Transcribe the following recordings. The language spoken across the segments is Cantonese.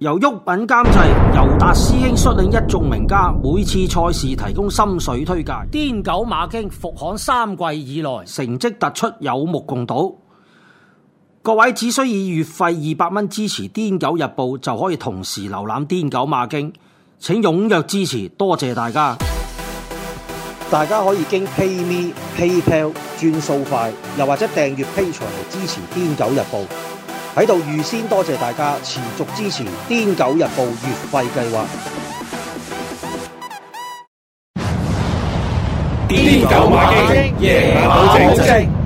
由郁品監製，尤達師兄率領一眾名家，每次賽事提供心水推介。癲狗馬經復刊三季以來，成績突出有目共睹。各位只需以月費二百蚊支持癲狗日報，就可以同時瀏覽癲狗馬經，請踴躍支持，多謝大家。大家可以經 PayMe PayPal 轉數快，又或者訂閱 Patreon 嚟支持癲狗日報。喺度預先多謝大家持續支持《癲狗日報》月費計劃。癲狗馬經，贏馬正正。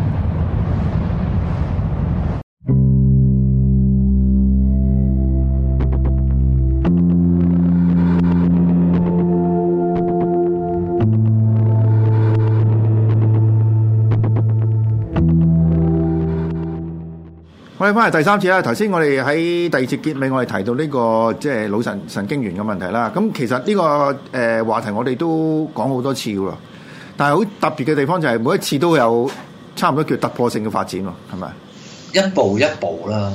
翻嚟第三次啦，頭先我哋喺第二節結尾，我哋提到呢、這個即係腦神神經元嘅問題啦。咁其實呢、這個誒、呃、話題，我哋都講好多次喎。但係好特別嘅地方就係每一次都有差唔多叫突破性嘅發展喎，係咪？一步一步啦，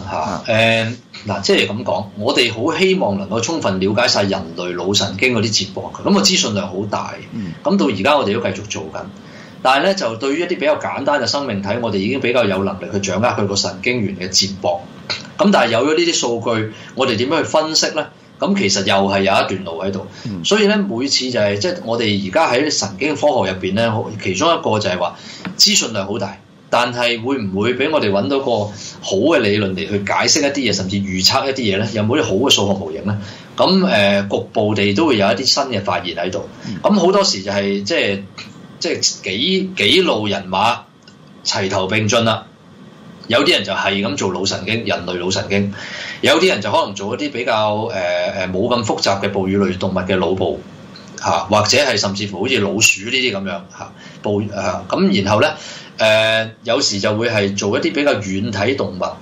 嚇誒嗱，即係咁講，我哋好希望能夠充分了解晒人類腦神經嗰啲節網，咁個資訊量好大，咁、嗯、到而家我哋都繼續做緊。但係咧，就對於一啲比較簡單嘅生命體，我哋已經比較有能力去掌握佢個神經元嘅接駁。咁但係有咗呢啲數據，我哋點樣去分析呢？咁其實又係有一段路喺度。所以咧，每次就係即係我哋而家喺神經科學入邊咧，其中一個就係話資訊量好大，但係會唔會俾我哋揾到個好嘅理論嚟去解釋一啲嘢，甚至預測一啲嘢呢？有冇啲好嘅數學模型呢？咁誒、呃，局部地都會有一啲新嘅發現喺度。咁好多時就係、是、即係。即係幾幾路人馬齊頭並進啦、啊，有啲人就係咁做腦神經，人類腦神經；有啲人就可能做一啲比較誒誒冇咁複雜嘅哺乳類動物嘅腦部嚇，或者係甚至乎好似老鼠呢啲咁樣嚇，哺乳、啊、嚇。咁、啊、然後咧誒、呃，有時就會係做一啲比較軟體動物。咁、啊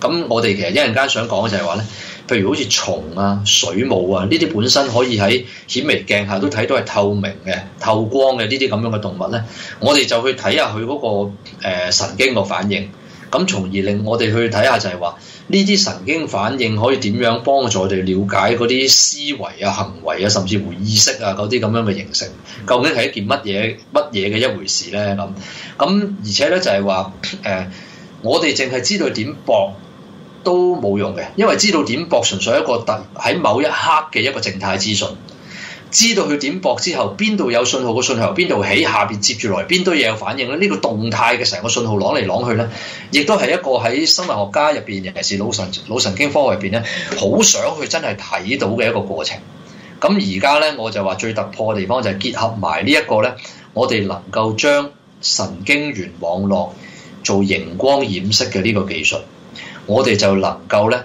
嗯、我哋其實一陣間想講嘅就係話咧。譬如好似蟲啊、水母啊，呢啲本身可以喺顯微鏡下都睇到係透明嘅、透光嘅呢啲咁樣嘅動物咧，我哋就去睇下佢嗰、嗰個、呃、神經個反應，咁從而令我哋去睇下就係話呢啲神經反應可以點樣幫助我哋了解嗰啲思維啊、行為啊，甚至乎意識啊嗰啲咁樣嘅形成，究竟係一件乜嘢乜嘢嘅一回事咧？咁、嗯、咁而且咧就係話誒，我哋淨係知道點搏，都冇用嘅，因為知道點駁純粹一個特喺某一刻嘅一個靜態資訊。知道佢點駁之後，邊度有信號，信號？這個、個信號由邊度起？下邊接住來邊堆嘢有反應咧？呢個動態嘅成個信號攞嚟攞去咧，亦都係一個喺生物學家入邊，尤其是腦神腦神經科入邊咧，好想去真係睇到嘅一個過程。咁而家咧，我就話最突破嘅地方就係結合埋呢一個咧，我哋能夠將神經元網絡做熒光染色嘅呢個技術。我哋就能夠咧，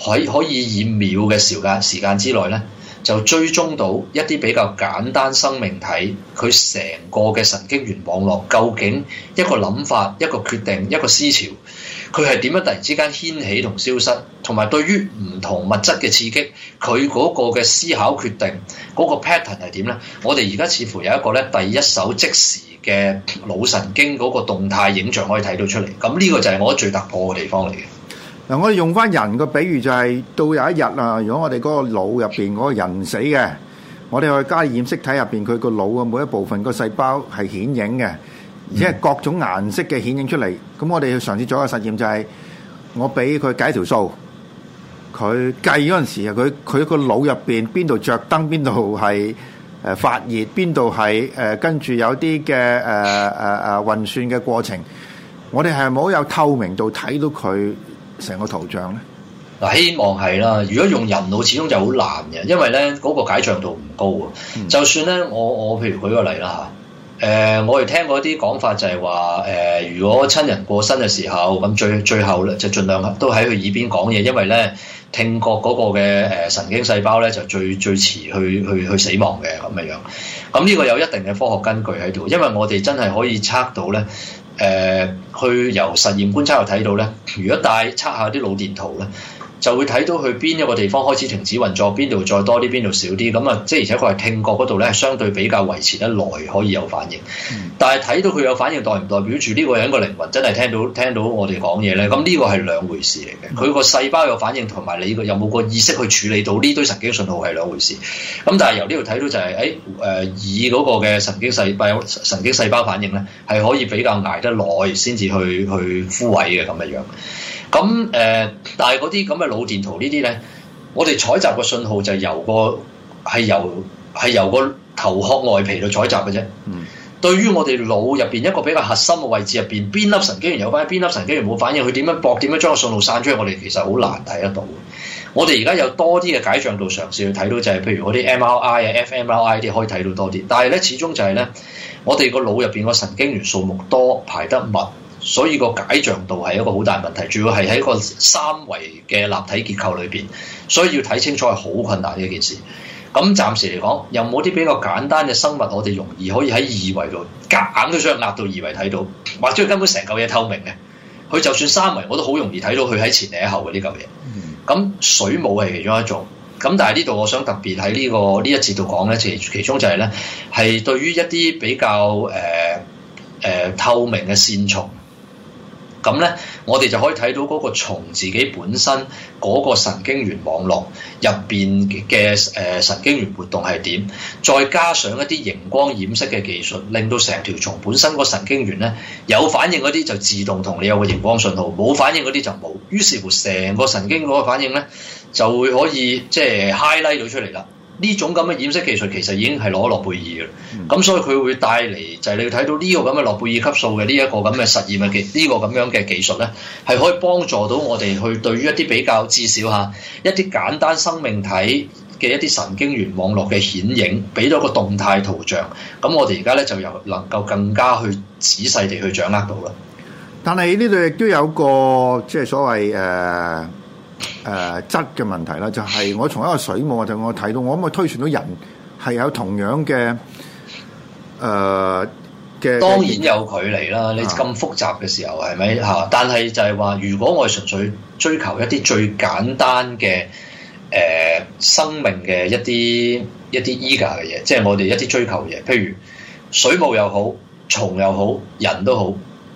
喺可，可以以秒嘅時間時間之內咧，就追蹤到一啲比較簡單生命體佢成個嘅神經元網絡，究竟一個諗法、一個決定、一個思潮，佢係點樣突然之間掀起同消失，同埋對於唔同物質嘅刺激，佢嗰個嘅思考決定嗰、嗰個 pattern 係點咧？我哋而家似乎有一個咧第一手即時嘅腦神經嗰個動態影像可以睇到出嚟，咁呢個就係我覺得最突破嘅地方嚟嘅。嗱，我哋用翻人個比喻，就係，就係到有一日啊，如果我哋嗰個腦入邊嗰個人死嘅，我哋去加染色體入邊，佢個腦嘅每一部分個細胞係顯影嘅，而且係各種顏色嘅顯影出嚟。咁我哋要嘗試做一個實驗，就係，就係我俾佢計條數，佢計嗰陣時啊，佢佢個腦入邊邊度着燈，邊度係誒發熱，邊度係誒跟住有啲嘅誒誒誒運算嘅過程。我哋係冇有透明度睇到佢。成個圖像咧，嗱，希望係啦。如果用人腦，始終就好難嘅，因為咧嗰個解像度唔高啊。嗯、就算咧，我我譬如舉個例啦吓，誒、呃、我哋聽過啲講法就係話，誒、呃、如果親人過身嘅時候，咁最最後咧就盡量都喺佢耳邊講嘢，因為咧聽覺嗰個嘅誒神經細胞咧就最最遲去去去死亡嘅咁嘅樣。咁呢個有一定嘅科學根據喺度，因為我哋真係可以測到咧。誒、呃，去由實驗觀察又睇到咧，如果帶測下啲腦電圖咧。就會睇到佢邊一個地方開始停止運作，邊度再多啲，邊度少啲，咁啊，即係而且佢係聽覺嗰度咧，係相對比較維持得耐，可以有反應。嗯、但係睇到佢有反應，代唔代表住呢個人個靈魂真係聽到聽到我哋講嘢咧？咁呢個係兩回事嚟嘅。佢個、嗯、細胞有反應，同埋你個有冇個意識去處理到呢堆神經信號係兩回事。咁但係由呢度睇到就係誒誒，以嗰個嘅神經細胞神經細胞反應咧，係可以比較捱得耐先至去去枯萎嘅咁嘅樣。咁誒、嗯，但係嗰啲咁嘅腦電圖呢啲咧，我哋採集個信號就由個係由係由個頭殼外皮去採集嘅啫。嗯、對於我哋腦入邊一個比較核心嘅位置入邊，邊粒神經元有關，神經元有反應，邊粒神經元冇反應，佢點樣搏，點樣將個信號散出去，我哋其實好難睇得到。嗯、我哋而家有多啲嘅解像度嘗試去睇到，就係、是、譬如我啲 MRI 啊、fMRI 啲可以睇到多啲。但係咧，始終就係咧，我哋個腦入邊個神經元數目多，排得密。所以個解像度係一個好大問題，主要係喺個三維嘅立體結構裏邊，所以要睇清楚係好困難嘅一件事。咁暫時嚟講，有冇啲比較簡單嘅生物，我哋容易可以喺二維度夾硬都想壓到二維睇到，或者佢根本成嚿嘢透明嘅，佢就算三維我都好容易睇到佢喺前定喺後嘅呢嚿嘢。咁水母係其中一種。咁但係呢度我想特別喺呢、這個呢一節度講咧，其係其中就係咧，係對於一啲比較誒誒、呃呃、透明嘅線蟲。咁咧，我哋就可以睇到嗰個蟲自己本身嗰個神經元網絡入邊嘅誒神經元活動係點，再加上一啲熒光染色嘅技術，令到成條蟲本身個神經元咧有反應嗰啲就自動同你有個熒光信號，冇反應嗰啲就冇。於是乎，成個神經嗰個反應咧就會可以即係 highlight 到出嚟啦。呢種咁嘅染色技術其實已經係攞諾貝爾嘅，咁、嗯、所以佢會帶嚟就係、是、你睇到呢個咁嘅諾貝爾級數嘅呢一個咁嘅實驗嘅技呢個咁樣嘅技術咧，係可以幫助到我哋去對於一啲比較至少吓一啲簡單生命體嘅一啲神經元網絡嘅顯影，俾到個動態圖像，咁我哋而家咧就又能夠更加去仔細地去掌握到啦。但係呢度亦都有個即係、就是、所謂誒。Uh 誒，質嘅、呃、問題啦，就係、是、我從一個水母，就我睇到，我可唔可以推算到人係有同樣嘅誒嘅？呃、當然有距離啦。啊、你咁複雜嘅時候，係咪吓？但係就係話，如果我係純粹追求一啲最簡單嘅誒、呃、生命嘅一啲一啲依家嘅嘢，即係我哋一啲追求嘅嘢，譬如水母又好，蟲又好，人都好，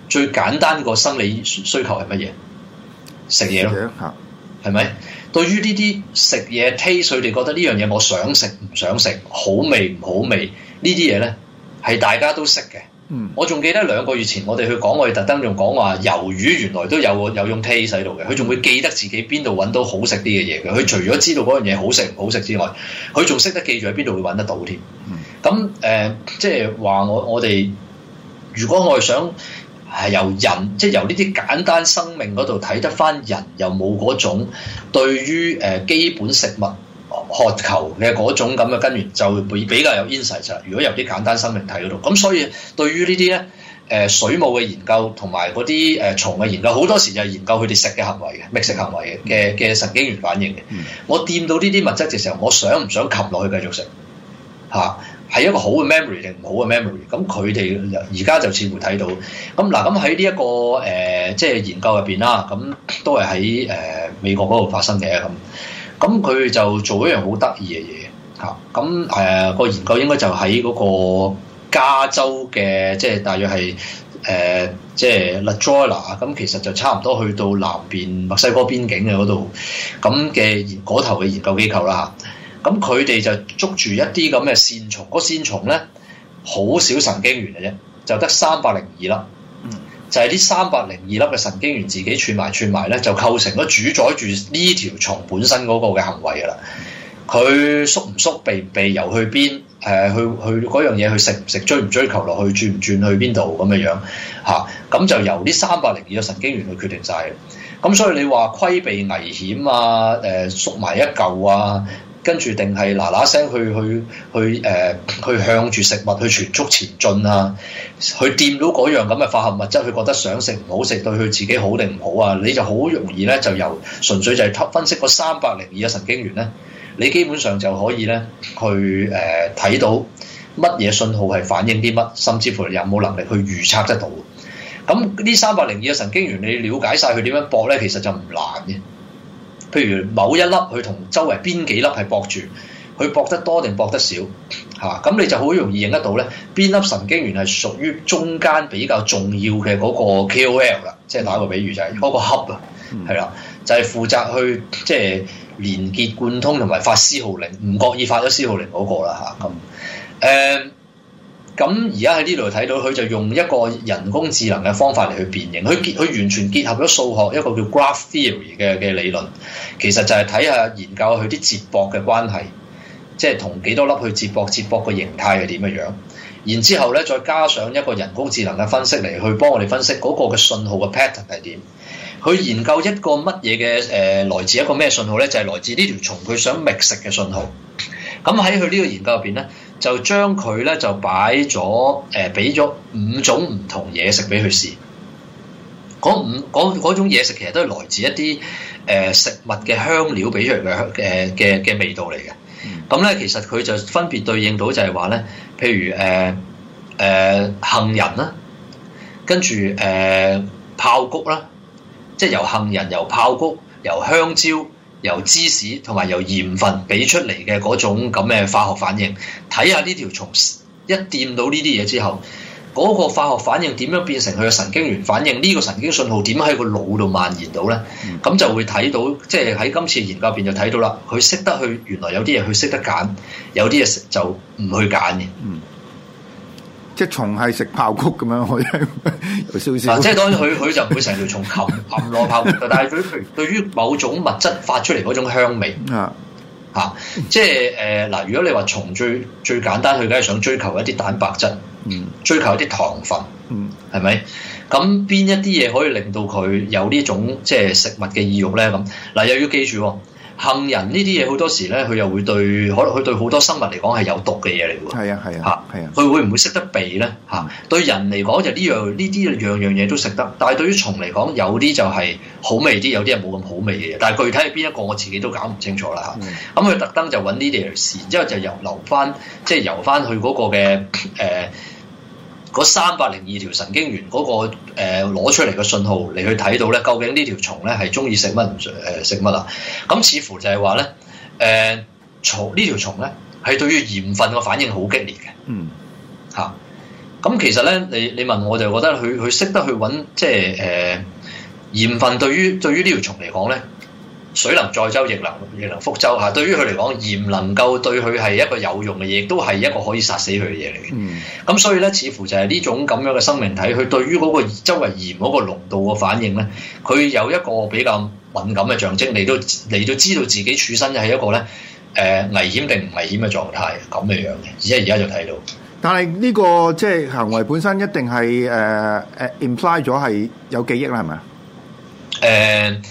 最簡單個生理需求係乜嘢？食嘢咯吓。係咪？對於呢啲食嘢 taste，佢哋覺得呢樣嘢我想食唔想食，好味唔好味？呢啲嘢呢，係大家都識嘅。嗯，我仲記得兩個月前我哋去講，我哋特登仲講話，魷魚原來都有有用 taste 喺度嘅。佢仲會記得自己邊度揾到好食啲嘅嘢嘅。佢除咗知道嗰樣嘢好食唔好食之外，佢仲識得記住喺邊度會揾得到添。嗯，咁誒、呃，即係話我我哋如果我哋想。係由人，即係由呢啲簡單生命嗰度睇得翻人，又冇嗰種對於基本食物渴求嘅嗰種咁嘅根源，就會比較有 insight。如果有啲簡單生命體嗰度，咁所以對於呢啲咧誒水母嘅研究同埋嗰啲誒蟲嘅研究，好多時就係研究佢哋食嘅行為嘅，覓食行為嘅嘅嘅神經元反應嘅。嗯、我掂到呢啲物質嘅時候，我想唔想擒落去繼續食嚇？啊係一個好嘅 memory 定唔好嘅 memory？咁佢哋而家就似乎睇到咁嗱，咁喺呢一個誒，即係研究入邊啦，咁都係喺誒美國嗰度發生嘅咁。咁佢就做一樣好得意嘅嘢嚇。咁、那、誒個研究應該就喺嗰個加州嘅，即係大約係誒，即係 La Jolla。咁、就是、其實就差唔多去到南邊墨西哥邊境嘅嗰度咁嘅嗰頭嘅研究機構啦嚇。咁佢哋就捉住一啲咁嘅線蟲，嗰線蟲咧好少神經元嘅啫，就得三百零二粒，嗯、就係呢三百零二粒嘅神經元自己串埋串埋咧，就構成咗主宰住呢條蟲本身嗰個嘅行為噶啦。佢縮唔縮避唔避，由去邊？誒、呃，去去嗰樣嘢去食唔食，追唔追求落去，轉唔轉去邊度咁嘅樣嚇？咁、啊、就由呢三百零二個神經元去決定晒。咁所以你話規避危險啊？誒、呃，縮埋一嚿啊？跟住定係嗱嗱聲去去去誒、呃、去向住食物去全速前進啊！去掂到嗰樣咁嘅化合物質，佢覺得想食唔好食，對佢自己好定唔好啊！你就好容易咧，就由純粹就係分析嗰三百零二嘅神經元咧，你基本上就可以咧去誒睇、呃、到乜嘢信號係反映啲乜，甚至乎有冇能力去預測得到。咁呢三百零二嘅神經元，你了解晒佢點樣搏咧，其實就唔難嘅。譬如某一粒去同周圍邊幾粒係駁住，佢駁得多定駁得少，嚇、啊、咁你就好容易認得到咧，邊粒神經元係屬於中間比較重要嘅嗰個 K.O.L. 啦，即、就、係、是、打個比喻就係嗰個 Hub 啊、嗯，係啦，就係、是、負責去即係連結貫通同埋發施號令，唔覺意發咗施號令嗰個啦嚇咁誒。啊嗯咁而家喺呢度睇到，佢就用一個人工智能嘅方法嚟去辨認，佢結佢完全結合咗數學一個叫 graph theory 嘅嘅理論，其實就係睇下研究佢啲接駁嘅關係，即係同幾多粒去接駁接駁個形態係點嘅樣，然之後咧再加上一個人工智能嘅分析嚟去幫我哋分析嗰個嘅信號嘅 pattern 係點。佢研究一個乜嘢嘅誒來自一個咩信號咧？就係來自呢條蟲佢想覓食嘅信號。咁喺佢呢個研究入邊咧。就將佢咧就擺咗誒俾咗五種唔同嘢食俾佢試。嗰五嗰種嘢食其實都係來自一啲誒食物嘅香料俾出嚟嘅香誒嘅嘅味道嚟嘅。咁、嗯、咧、嗯、其實佢就分別對應到就係話咧，譬如誒誒、呃呃、杏仁啦，跟住誒炮谷啦，即係由杏仁、由炮谷、由香蕉，由芝士同埋由鹽分俾出嚟嘅嗰種咁嘅化學反應，睇下呢條蟲一掂到呢啲嘢之後，嗰個化學反應點樣變成佢嘅神經元反應？呢個神經信號點喺個腦度蔓延到呢？咁就會睇到，即係喺今次研究入邊就睇到啦。佢識得去原來有啲嘢佢識得揀，有啲嘢就唔去揀嘅。嗯即係蟲係食爆谷咁樣去燒燒，嗱，即係當然佢佢就唔會成條蟲含含落炮。但係佢對於某種物質發出嚟嗰種香味 啊吓，即係誒嗱。如果你話蟲最最簡單去，佢梗係想追求一啲蛋白質，嗯，追求一啲糖分，嗯，係咪咁邊一啲嘢可以令到佢有呢種即係食物嘅意欲咧？咁嗱，呃，又要記住，哦。杏仁呢啲嘢好多時咧，佢又會對，可能佢對好多生物嚟講係有毒嘅嘢嚟㗎喎。係啊係啊，嚇係啊，佢、啊、會唔會識得避咧？嚇，對人嚟講就呢樣呢啲樣樣嘢都食得，但係對於蟲嚟講，有啲就係好味啲，有啲又冇咁好味嘅嘢。但係具體係邊一個，我自己都搞唔清楚啦嚇。咁佢特登就揾呢啲嘢試，之後就遊流翻，即係遊翻去嗰個嘅誒。呃嗰三百零二條神經元嗰、嗰個攞、呃、出嚟嘅信號嚟去睇到咧，究竟呢條蟲咧係中意食乜誒食乜啊？咁似乎就係話咧，誒、呃、蟲，蟲呢條蟲咧係對於鹽分嘅反應好激烈嘅。嗯，嚇、啊。咁其實咧，你你問我就覺得佢佢識得去揾，即係誒、呃、鹽分對於對於呢條蟲嚟講咧。水能載舟亦能亦能覆舟嚇，對於佢嚟講，鹽能夠對佢係一個有用嘅嘢，都係一個可以殺死佢嘅嘢嚟嘅。咁、嗯、所以咧，似乎就係呢種咁樣嘅生命體，佢對於嗰個周圍鹽嗰個濃度嘅反應咧，佢有一個比較敏感嘅象徵，你都你都，知道自己處身係一個咧誒、呃、危險定唔危險嘅狀態咁嘅樣嘅。而家而家就睇到，但係呢、這個即係、就是、行為本身一定係誒誒 imply 咗係有記憶啦，係咪啊？誒、呃。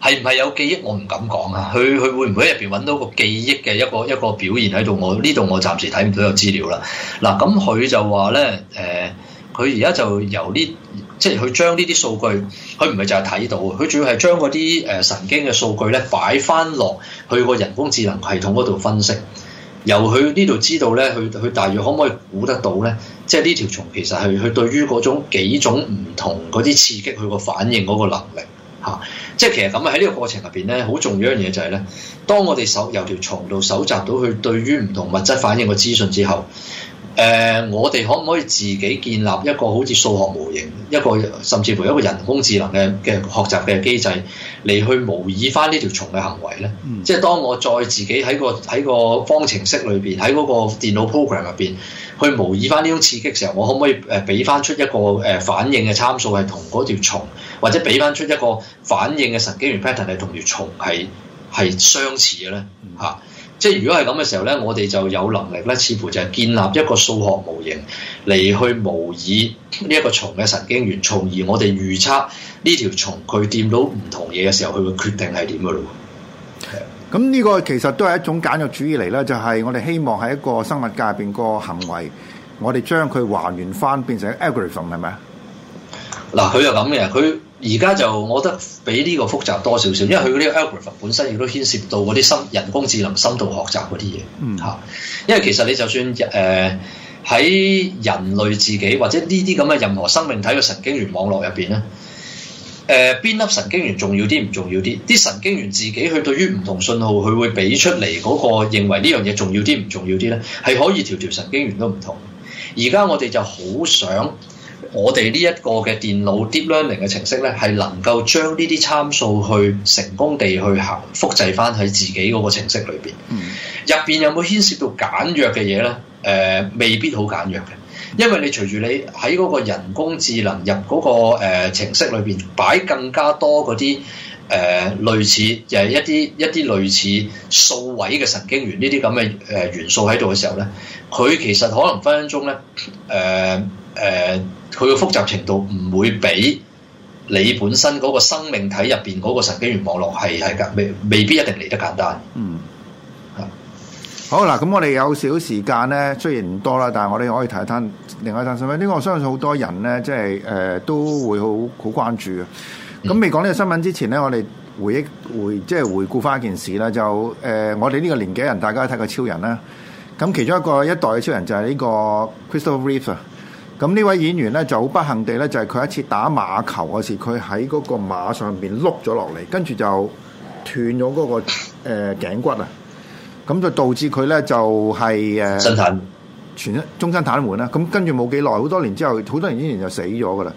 係唔係有記憶？我唔敢講啊！佢佢會唔會喺入邊揾到個記憶嘅一個一個表現喺度？我呢度我暫時睇唔到有資料啦。嗱、啊，咁佢就話呢，誒、呃，佢而家就由呢，即係佢將呢啲數據，佢唔係就係睇到，佢主要係將嗰啲誒神經嘅數據呢擺翻落去個人工智能系統嗰度分析。由佢呢度知道呢，佢佢大約可唔可以估得到呢？即係呢條蟲其實係佢對於嗰種幾種唔同嗰啲刺激佢個反應嗰個能力。即係其實咁喺呢個過程入邊呢，好重要一樣嘢就係、是、呢：當我哋搜由條蟲度搜集到佢對於唔同物質反應嘅資訊之後，誒、呃，我哋可唔可以自己建立一個好似數學模型，一個甚至乎一個人工智能嘅嘅學習嘅機制嚟去模擬翻呢條蟲嘅行為呢？嗯、即係當我再自己喺個喺個方程式裏邊，喺嗰個電腦 program 入邊去模擬翻呢種刺激嘅時候，我可唔可以誒俾翻出一個誒反應嘅參數係同嗰條蟲？或者俾翻出一個反應嘅神經元 pattern 係同條蟲係係相似嘅咧嚇，即係如果係咁嘅時候咧，我哋就有能力咧，似乎就係建立一個數學模型嚟去模擬呢一個蟲嘅神經元，從而我哋預測呢條蟲佢掂到唔同嘢嘅時候，佢嘅決定係點嘅咯。咁呢個其實都係一種簡約主義嚟啦，就係、是、我哋希望喺一個生物界入邊個行為，我哋將佢還原翻變成 algorithm 係咪啊？嗱，佢就咁嘅，佢。而家就，我覺得比呢個複雜多少少，因為佢嗰啲 algorithm 本身亦都牽涉到嗰啲深人工智能深度學習嗰啲嘢，嚇、嗯。因為其實你就算誒喺、呃、人類自己或者呢啲咁嘅任何生命體嘅神經元網絡入邊咧，誒邊粒神經元重要啲唔重要啲？啲神經元自己佢對於唔同信號，佢會俾出嚟嗰個認為呢樣嘢重要啲唔重要啲咧，係可以條條神經元都唔同。而家我哋就好想。我哋呢一個嘅電腦 deep learning 嘅程式咧，係能夠將呢啲參數去成功地去行複製翻喺自己嗰個程式裏邊。入邊有冇牽涉到簡約嘅嘢咧？誒、呃，未必好簡約嘅，因為你隨住你喺嗰個人工智能入嗰個、呃、程式裏邊擺更加多嗰啲誒類似誒、就係、一啲一啲類似數位嘅神經元呢啲咁嘅誒元素喺度嘅時候咧，佢其實可能分分鐘咧誒誒。呃呃佢嘅複雜程度唔會比你本身嗰個生命體入邊嗰個神經元網絡係係㗎，未未必一定嚟得簡單。嗯，好嗱，咁我哋有少時間咧，雖然唔多啦，但係我哋可以睇一單，另外一單新聞。呢個我相信好多人咧，即係誒、呃、都會好好關注嘅。咁未講呢個新聞之前咧，我哋回憶回即係回顧翻一件事啦。就誒、呃，我哋呢個年紀人，大家睇過超人啦。咁其中一個一代嘅超人就係呢個 Christopher Reeve 咁呢位演員咧就好不幸地咧，就係、是、佢一次打馬球嗰時，佢喺嗰個馬上邊碌咗落嚟，跟住就斷咗嗰、那個誒、呃、頸骨啊！咁就導致佢咧就係、是、誒，殘、呃、殘，全身坦，終身癱瘓啦。咁跟住冇幾耐，好多年之後，好多年之前就死咗㗎喇。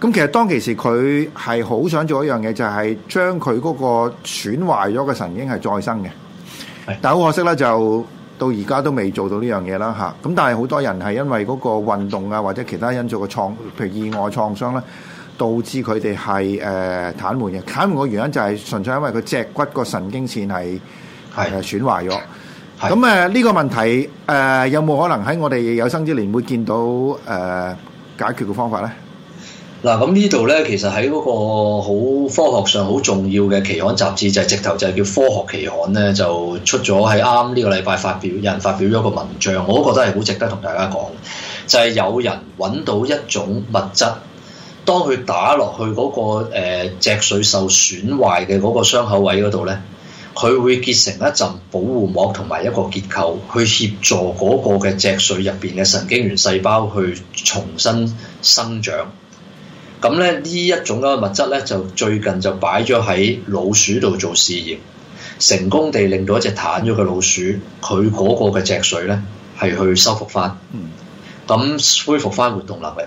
咁其實當其時佢係好想做一樣嘢，就係、是、將佢嗰個損壞咗嘅神經係再生嘅，的但係好可惜咧就。到而家都未做到呢樣嘢啦，吓、啊，咁但係好多人係因為嗰個運動啊或者其他因素嘅創，譬如意外創傷咧，導致佢哋係誒癱瘓嘅。癱瘓嘅原因就係純粹因為佢脊骨個神經線係係損壞咗。咁誒呢個問題誒、呃、有冇可能喺我哋有生之年會見到誒、呃、解決嘅方法咧？嗱，咁呢度呢，其實喺嗰個好科學上好重要嘅期刊雜誌，就係直頭就係叫科學期刊呢，就出咗喺啱呢個禮拜發表，有人發表咗個文章，我都覺得係好值得同大家講，就係有人揾到一種物質，當佢打落去嗰個、呃、脊髓受損壞嘅嗰個傷口位嗰度呢，佢會結成一陣保護膜同埋一個結構，去協助嗰個嘅脊髓入邊嘅神經元細胞去重新生長。咁咧，呢一種嗰個物質咧，就最近就擺咗喺老鼠度做試驗，成功地令到一隻癱咗嘅老鼠，佢嗰個嘅脊髓咧係去修復翻，咁恢復翻活動能力。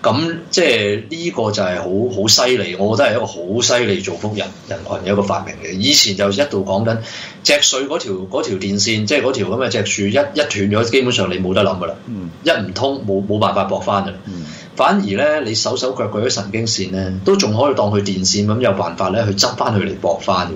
咁即係呢個就係好好犀利，我覺得係一個好犀利造福人人群嘅一個發明嘅。以前就一度講緊脊髓嗰條嗰條電線，即係嗰條咁嘅脊髓一一斷咗，基本上你冇得諗噶啦，嗯、一唔通冇冇辦法駁翻嘅。嗯反而咧，你手手腳腳啲神經線咧，都仲可以當佢電線咁，有辦法咧去執翻佢嚟駁翻嘅。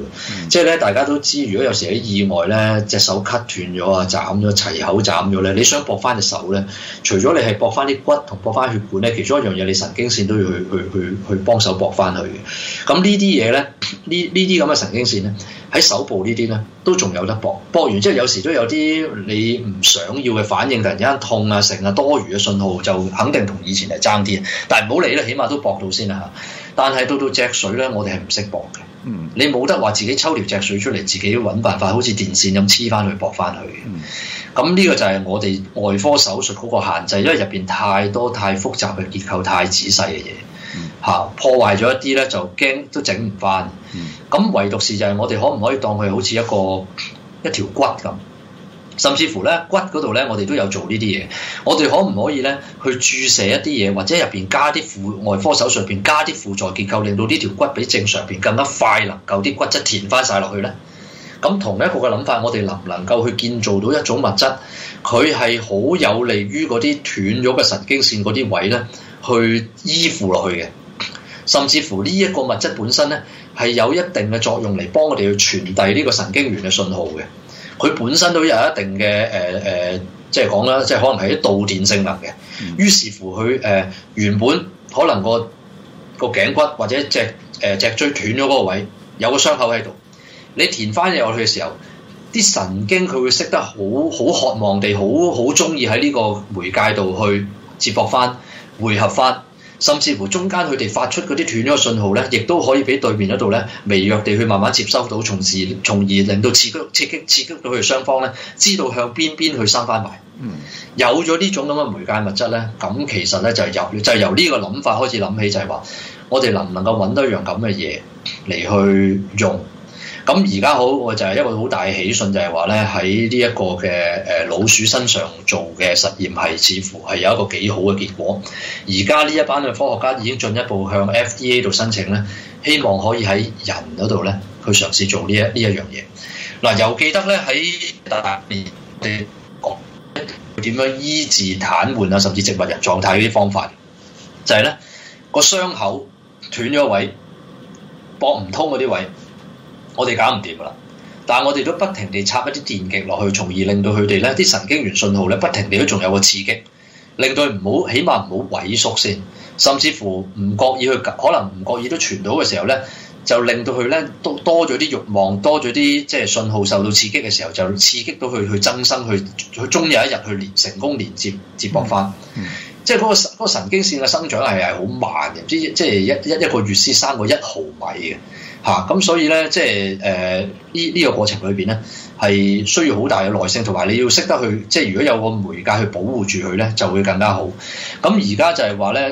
即係咧，大家都知，如果有時啲意外咧，隻手 cut 斷咗啊、斬咗、齊口斬咗咧，你想駁翻隻手咧，除咗你係駁翻啲骨同駁翻血管咧，其中一樣嘢，你神經線都要去去去去幫手駁翻佢嘅。咁、嗯、呢啲嘢咧，呢呢啲咁嘅神經線咧，喺手部呢啲咧，都仲有得駁。駁完之後有時都有啲你唔想要嘅反應，突然之間痛啊、成啊，多餘嘅信號就肯定同以前係爭啲，但唔好理啦，起碼都駁到先啦嚇。但係到到脊髓咧，我哋係唔識駁嘅。嗯，你冇得話自己抽條脊髓出嚟，自己揾辦法，好似電線咁黐翻去駁翻去嘅。咁呢、嗯、個就係我哋外科手術嗰個限制，因為入邊太多太複雜嘅結構，太仔細嘅嘢嚇，破壞咗一啲咧就驚都整唔翻。咁、嗯、唯獨是就係我哋可唔可以當佢好似一個一條骨咁？甚至乎咧骨嗰度咧，我哋都有做呢啲嘢。我哋可唔可以咧去注射一啲嘢，或者入邊加啲附外科手術邊加啲輔助結構，令到呢條骨比正常邊更加快能夠啲骨質填翻晒落去咧？咁同一個嘅諗法，我哋能唔能夠去建造到一種物質，佢係好有利於嗰啲斷咗嘅神經線嗰啲位咧，去依附落去嘅？甚至乎呢一個物質本身咧，係有一定嘅作用嚟幫我哋去傳遞呢個神經元嘅信號嘅。佢本身都有一定嘅誒誒，即係講啦，即、就、係、是、可能係啲導電性能嘅。於、嗯、是乎，佢、呃、誒原本可能個個頸骨或者只誒、呃、脊椎斷咗嗰個位，有個傷口喺度。你填翻入去嘅時候，啲神經佢會識得好好渴望地，好好鍾意喺呢個媒介度去接駁翻、回合翻。甚至乎中間佢哋發出嗰啲斷咗嘅信號咧，亦都可以俾對面嗰度咧微弱地去慢慢接收到，從事從而令到刺激刺激刺激到佢哋雙方咧，知道向邊邊去生翻埋。嗯，有咗呢種咁嘅媒介物質咧，咁其實咧就係由就係由呢個諗法開始諗起就，就係話我哋能唔能夠揾到一樣咁嘅嘢嚟去用？咁而家好，我就係、是、一個好大嘅喜訊就，就係話咧喺呢一個嘅誒老鼠身上做嘅實驗係似乎係有一個幾好嘅結果。而家呢一班嘅科學家已經進一步向 FDA 度申請咧，希望可以喺人嗰度咧去嘗試做呢一呢一樣嘢。嗱、啊，又記得咧喺大嘅講點樣醫治癱瘓啊，甚至植物人狀態嗰啲方法，就係咧個傷口斷咗位，搏唔通嗰啲位。我哋搞唔掂㗎啦，但係我哋都不停地插一啲電極落去，從而令到佢哋咧啲神經元信號咧不停地都仲有個刺激，令到唔好，起碼唔好萎縮先，甚至乎唔覺意去，可能唔覺意都傳到嘅時候咧，就令到佢咧多多咗啲慾望，多咗啲即係信號受到刺激嘅時候，就刺激到佢去增生，去去終有一日去連成功連接接駁翻。嗯嗯，即係嗰個嗰個神經線嘅生長係係好慢嘅，唔知即係一一一個月先生個一毫米嘅。嚇！咁、啊、所以咧，即係誒呢呢個過程裏邊咧，係需要好大嘅耐性，同埋你要識得去即係，如果有個媒介去保護住佢咧，就會更加好。咁而家就係話咧，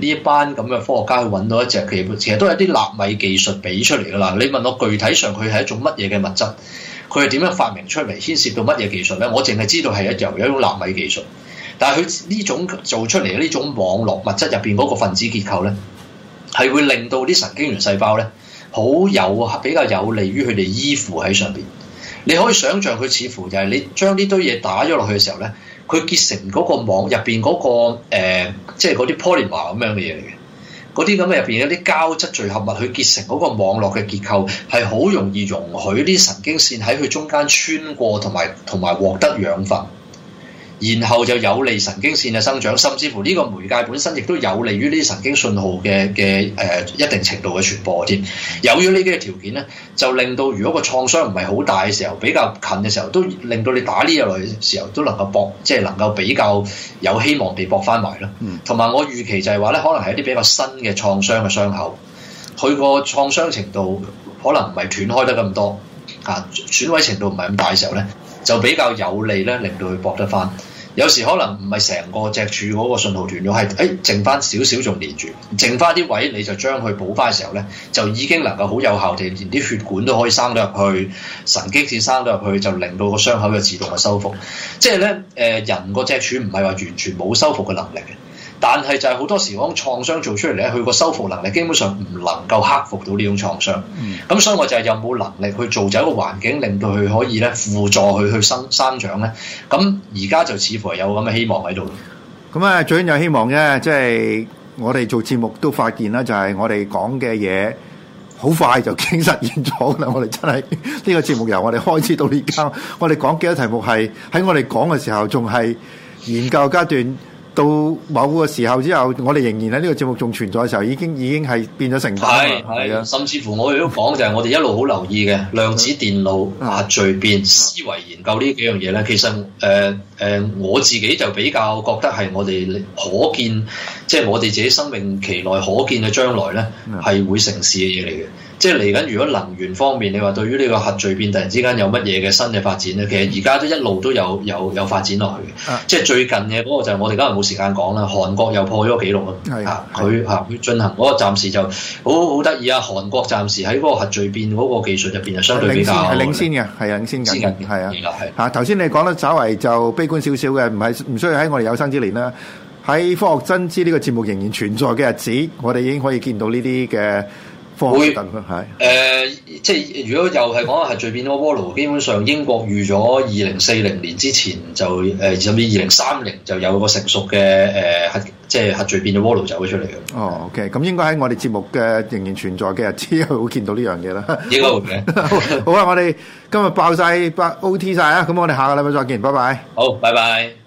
誒呢一班咁嘅科學家去揾到一隻，其實其實都係啲納米技術俾出嚟噶啦。你問我具體上佢係一種乜嘢嘅物質，佢係點樣發明出嚟，牽涉到乜嘢技術咧？我淨係知道係一由有一種納米技術，但係佢呢種做出嚟呢種網絡物質入邊嗰個分子結構咧，係會令到啲神經元細胞咧。好有比較有利於佢哋依附喺上邊，你可以想象佢似乎就係你將呢堆嘢打咗落去嘅時候咧，佢結成嗰個網入邊嗰個即係、呃、嗰啲、就是、polymer 咁樣嘅嘢嚟嘅，嗰啲咁嘅入邊有啲膠質聚合物去結成嗰個網絡嘅結構，係好容易容許啲神經線喺佢中間穿過同埋同埋獲得養分。然後就有利神經線嘅生長，甚至乎呢個媒介本身亦都有利於呢啲神經信號嘅嘅誒一定程度嘅傳播添。有咗呢啲嘅條件咧，就令到如果個創傷唔係好大嘅時候，比較近嘅時候，都令到你打呢入嚟嘅時候，都能夠搏，即係能夠比較有希望地搏翻埋咯。同埋、嗯、我預期就係話咧，可能係一啲比較新嘅創傷嘅傷口，佢個創傷程度可能唔係斷開得咁多嚇，啊、損毀程度唔係咁大嘅時候咧。就比較有利咧，令到佢搏得翻。有時可能唔係成個脊柱嗰個訊號斷咗，係誒剩翻少少仲連住，剩翻啲位你就將佢補翻嘅時候咧，就已經能夠好有效地連啲血管都可以生到入去，神經線生到入去，就令到個傷口有自動嘅修復。即係咧誒，人個脊柱唔係話完全冇修復嘅能力嘅。但係就係好多時嗰種創傷做出嚟咧，佢個修復能力基本上唔能夠克服到呢種創傷。咁、嗯嗯、所以我就係有冇能力去做就一個環境令到佢可以咧輔助佢去生生長咧？咁而家就似乎係有咁嘅希望喺度、嗯。咁啊、嗯，最緊要希望咧，即、就、係、是、我哋做節目都發現啦，就係我哋講嘅嘢好快就已經實現咗啦！我哋真係呢 個節目由我哋開始到而家，我哋講幾多題目係喺我哋講嘅時候仲係研究階段。到某個時候之後，我哋仍然喺呢個節目仲存在嘅時候，已經已經係變咗成家啦。是啊、甚至乎我哋都講就係我哋一路好留意嘅量子電腦、壓、啊、聚變、思維研究呢幾樣嘢咧。其實、呃誒、呃、我自己就比較覺得係我哋可見，即係我哋自己生命期內可見嘅將來咧，係會成事嘅嘢嚟嘅。即係嚟緊，如果能源方面你話對於呢個核聚變突然之間有乜嘢嘅新嘅發展咧，其實而家都一路都有有有發展落去嘅。啊、即係最近嘅嗰個就係、我哋梗係冇時間講啦。韓國又破咗紀錄啊！係佢嚇去進行嗰個暫時就好好得意啊！韓國暫時喺嗰個核聚變嗰個技術入邊係相對比較係領先嘅，係領先緊，啊，係啊，頭先你講得稍微就，悲觀少少嘅，唔係唔需要喺我哋有生之年啦。喺《科學新知》呢個節目仍然存在嘅日子，我哋已經可以見到呢啲嘅。會，誒、呃，即係如果又係講核聚變嘅鍋爐，基本上英國預咗二零四零年之前就，誒甚至二零三零就有個成熟嘅誒核，即係核聚變嘅鍋爐走咗出嚟嘅。哦，OK，咁應該喺我哋節目嘅仍然存在嘅日子 會見到呢樣嘢啦。應該會嘅。 好啊，我哋今日爆晒，爆 OT 晒啊！咁我哋下個禮拜再見，拜拜。好，拜拜。